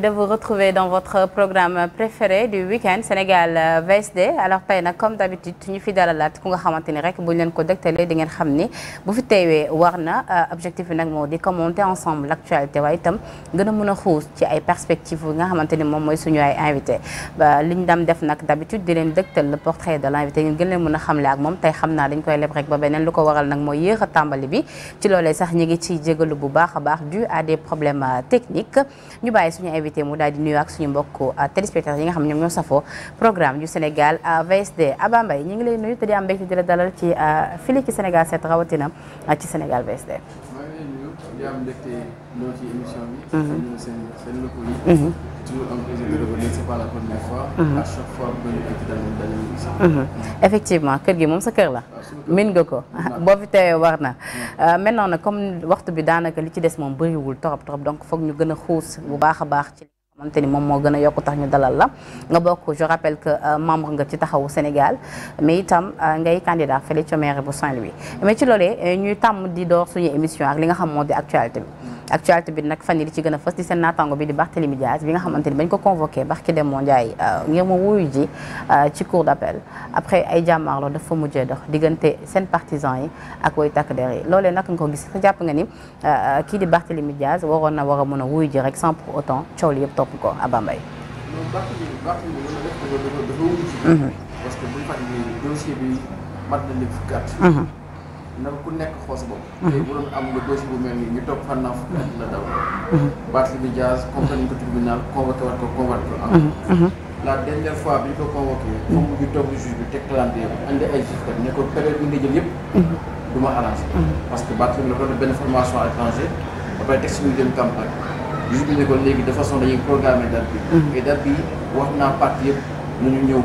da vous retrouver dans votre programme préféré du week-end Sénégal euh, VSD alors tey nag comme d'habitude ñu fi dalalaat ku nga xamante ni rek bu ñu leen ko dégtalee di ngeen xam ni bu fi teewee war na euh, objectif bi a mën a xuus ci ay perspectives yi nga xamante ni moom mooy suñu ay invité li ñu def nag d'habitude di leen dégtal le portrait de l'invité ngeen gën leen mën a xamle ak moom tey xam naa dañ koy leb rek ba beneen lu ko waral nag mooy yéex a tàmbali bi ci loolee sax ñu ngi bu baax a baax invité mu daal di nuyu ak suñu mbokk euh, téléspectateurs yi nga xam ne ñoom ñoo safoo programme du Sénégal euh, VSD Aba Mbaye ñu ngi lay nuyu te di am mbégte di la dalal ci euh, fili ci Sénégal 7 rawatina ci Sénégal VSD di am mbégte ñëw effectivement kër gi moom sa kër la. Ah, min nga ko boo fi teewee war na. Euh, maintenant nag comme waxtu bi daanaka li ci des moom bëriwul trop trop donc foog ñu gën a xuus bu baax a baax ci. xamante ni moom moo gën a yokk tax ñu dalal la nga bokk je rappelle que euh, membre nga ci taxawu Sénégal mais itam euh, ngay candidat fële ca maire bu Saint-Louis mais ci loolee euh, ñuy tàmm di door suñu émission ak li nga xam moo di actualité actualité bi nag fan yi li ci gën a fës di seen naataango bi di Barthélémy Diaz bi nga xamante ni bañ ko convoqué barki dem moo Ndiaye euh, ngir ma ji euh, ci cour d'appel après ay jàmmaarloo dafa mujjee dox diggante seen partisans yi ak way takk der yi loolee nag nga ko gis sa jàpp nga ni euh, kii di Barthélémy Diaz waroon na war a mën a wuyu ji rek sans pour autant coow li yëpp topp ko a Mbaye na ku nekk xoos boobu. Mhm. tey bu doon am nga dossier bu mel nii ñu toog fan naa fukki la daw. Mhm. Barthélémy Dias compagnie ko tribunal convoqué waat ko convoqué ko mhm. la dernière fois bi ñu ko convoqué. moom mu ngi toog juge bi teg calendrier bi andi ay juge ne ko période bi nga jël yëpp. du ma arrangé. parce que Barthélémy la ko benn formation à l'étranger ba pare teg suñu dem campagne. juge bi ne ko léegi de façon dañuy programmer date bi. et date bi wax naa parti yëpp nañu ñëw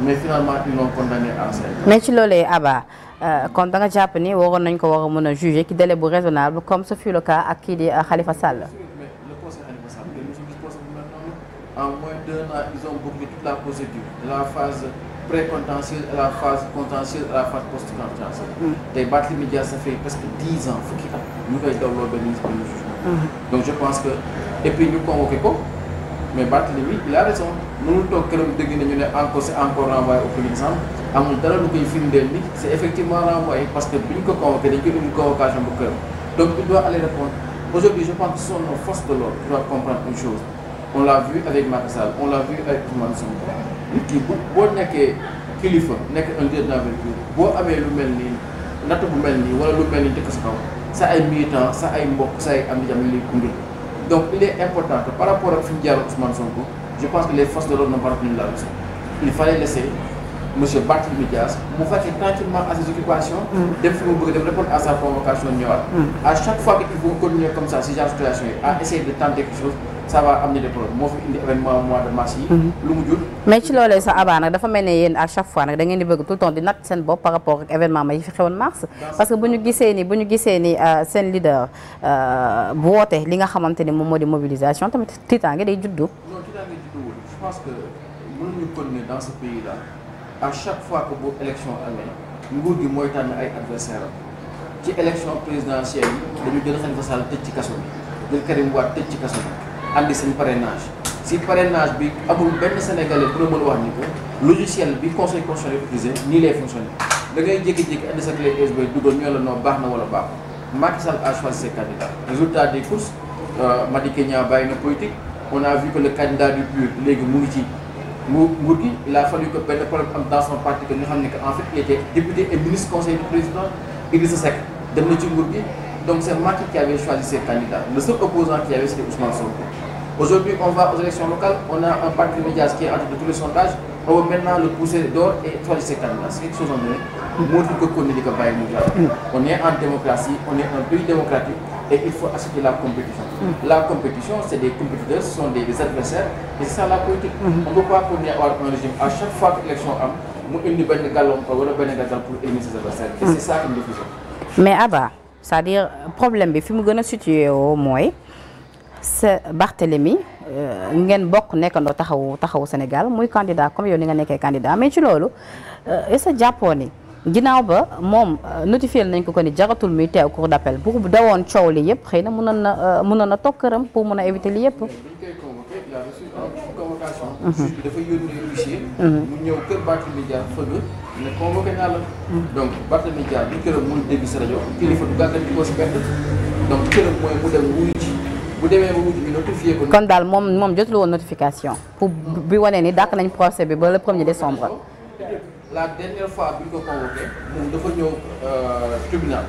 mais finalement ils l'ont condamné à 5 ans. mais ci loolee Aba ah euh, kon da nga jàpp ni waroon nañ ko war a mën a juger ci délai bu raisonnable comme ce fut le cas ak kii di euh, Khalifa Sall. en moins d'un an ils ont bouclé toute la procédure de la phase pré-contentieuse la phase contentieuse la phase post-contentieuse. Mm. tey Barthélémy Dias ça mm-hmm. donc je pense que et puis ñu mais Barthélemy la a raison mënul toog këram dëgg nañu ne encore c'est encore renvoyé au premier amul dara lu koy firndeel ni c'est effectivement renvoyé parce que bu ñu ko convoqué dañ koy une convocation bu këram donc il doit aller répondre aujourd'hui je pense que ce de l'ordre qui doivent comprendre une chose on l'a vu avec Macky Sall l'a vu avec Ousmane Sonko ki bu boo nekkee kilifa nekk un leader d'envergure boo amee lu mel nii natt bu mel nii wala lu mel nii sa ay militants sa ay mbokk sa am di jam donc il est important que par rapport ak fi ñu jaaroon Ousmane Sonko je pense que les forces de l'ordre n'ont pas retenu la leçon il fallait laisser monsieur Barthélémy Dias mu vaquer tranquillement à ses occupations mm. dem fi mu dem répondre à sa convocation ñëwaat mm. à chaque fois que il comme ça si genre situation yi à essayer de tenter quelque ça am ni des problèmes moo fi indi événement mois de mars yi. Mhm. lu mu jur. mais ci loolee sa abaa nag dafa mel ne yéen à chaque fois nag da ngeen di bëgg tout le di natt seen bopp par rapport ak événement ma fi xewoon mars. parce que bu ñu gisee ni bu ñu gisee ni euh, seen leader bu euh, woote li nga xamante ni moom moo di mobilisation tamit tiitaange day juddu. non tiitaange judduwul je pense que mënuñu continuer dans pays là chaque fois que bu élection amee nguur gi mooy tànn ay adversaire am ci élection présidentielle andi seen parrainage si parrainage bi amul benn sénégalais bu la wax ni ko logiciel bi conseil constitutionnel utilisé nii lay fonctionné da ngay jékki-jékki andi sa clé USB ñoo la noo baax na wala baax Macky Sall a choisi ses candidats résultat des courses euh, Madické Niang bàyyi na politique on a vu que le candidat du PUR léegi mu ngi ci mu nguur gi il a fallu que benn problème am dans son parti que ñu xam ne que en fait député et ministre conseil du dem na ci nguur gi Donc c'est Macky qui avait choisi ses candidats. Le seul opposant qu'il y avait, c'était Ousmane Sonko. Aujourd'hui, on va aux élections locales, on a un parti médias qui est en de tous les sondages, on va maintenant le pousser d'or et choisir ses candidats. C'est quelque chose en donné. Montre que On est en démocratie, on est un pays démocratique et il faut acheter la compétition. La compétition, c'est des compétiteurs, sont des, adversaires, et c'est ça la politique. On ne peut à chaque fois que l'élection a, il y sa à dire problème bi fi mu gën a situé woo mooy sa Barthélemy euh, ngeen bokk nekkandoo taxawu taxawu Sénégal muy candidat comme yow ni nga nekkee candidat mais ci loolu euh, est-ce jàppoo ni ginnaaw ba moom euh, notifié nañ ko ko ni jaratul muy teew cour d'appel bu dawoon coow li yëpp xëy na mun na na toog këram pour mën a éviter li yëpp. Mhm. Mhm. mu ñëw kër Barthélémy Dias ne convoqué naa la. donc Barthélemy Dias bu këram muy dégg sa rajo. kilifa du gàggal di ko si benn. donc këram mooy mu dem wuyu ji bu demee ba wuyu ji notifié kon daal moom moom jotul woon notification. pour bi wane ni dàq nañ procès bi ba le premier décembre. la dernière fois bi ñu ko convoqué moom dafa ñëw euh, tribunal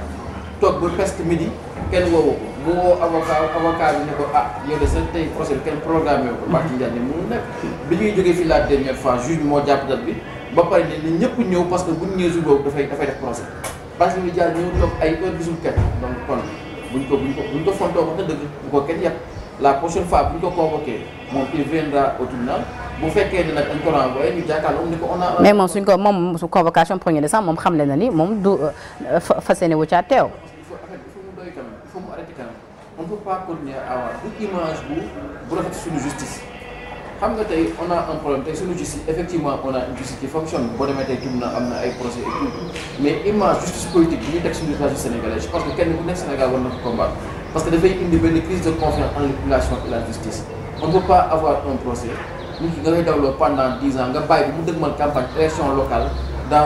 toog ba presque midi kenn woowu ko avocat avocat bi ne ko ah yow de sax tey procès bi kenn programmé ko. Barthélemy Dias ne mënul nekk. bi ñuy jógee moo jàpp bi. ba pare ne ne ñëpp ñëw parce que buñ ñëwee jour boobu dafay dafay def procès parce que ñu jaar ñëw toog ay heure gisul kenn donc kon ko buñ ko ko dëgg bu ko kenn yàpp la prochaine fois bu ñu ko convoqué moom il ne convocation premier décembre moom xamle na ni moom du euh, fas yéene wu caa teew. il faut mu doy kanam il faut mu arrêté kanam du image bu bu rafet suñu justice. xam nga tey on a problème tey suñu justice effectivement on a justice fonctionne boo demee tey jub na am na ay procès et tout mais image justice politique bi ñu teg suñu justice sénégalaise je pense que kenn ku nekk Sénégal war na ko combattre parce que dafay indi crise de confiance en la population justice on ne pas avoir un procès nit nga koy dawloo pendant dix ans nga bàyyi bi mu dëgmal campagne élection locale dans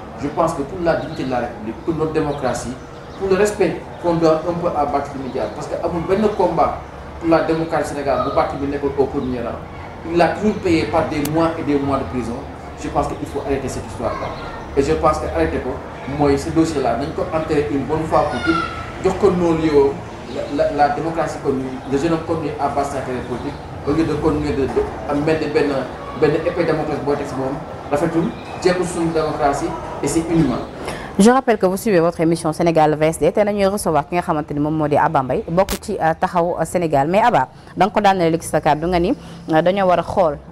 Je pense que pour la dignité de la République, pour notre démocratie, pour le respect qu'on doit un peu à Barthélémy Diaz parce que amul benn combat pour la démocratie Sénégal bu Barthélémy nekkoon au premier rang il l'a toujours payé par des mois et des mois de prison je pense que il faut arrêter cette histoire là et je pense que arrêter ko mooy ce dossier là nañ ko enterrer une bonne fois pour toutes la la démocratie comme le jeune homme de continuer de am mel ni benn benn épée démocratie boo teg si moom et c'est inhumain. je rappelle que vous suivez votre émission ni moom moo di Abba Mbaye bokk ci taxaw da ko daan léegi sa kàddu nga ni euh, a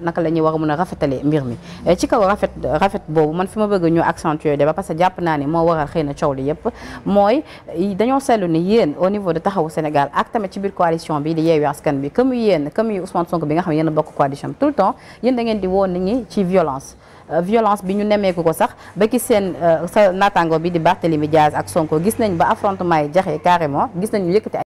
naka la ñuy war a a rafetale mbir mi euh, ci kaw rafet rafet boobu man fi ma bëgg ñu accentuer débat parce naa ni moo waral xëy na coow li yépp mooy euh, dañoo seetlu ni yéen au niveau de taxawu Sénégal ak tamit ci biir coalition bi di yeewu askan bi comme yéen comme Ousmane Sonko bi nga xam ne a bokk coalition bi tout le temps yéen da di woo nit ñi ci violence Euh, violence bi ñu nemmeeku ko sax ba ki seen euh, sa naataango bi di Barthélémy Diaz ak Sonko gis nañ ba affrontement yi jaxe carrément gis nañu yëkkati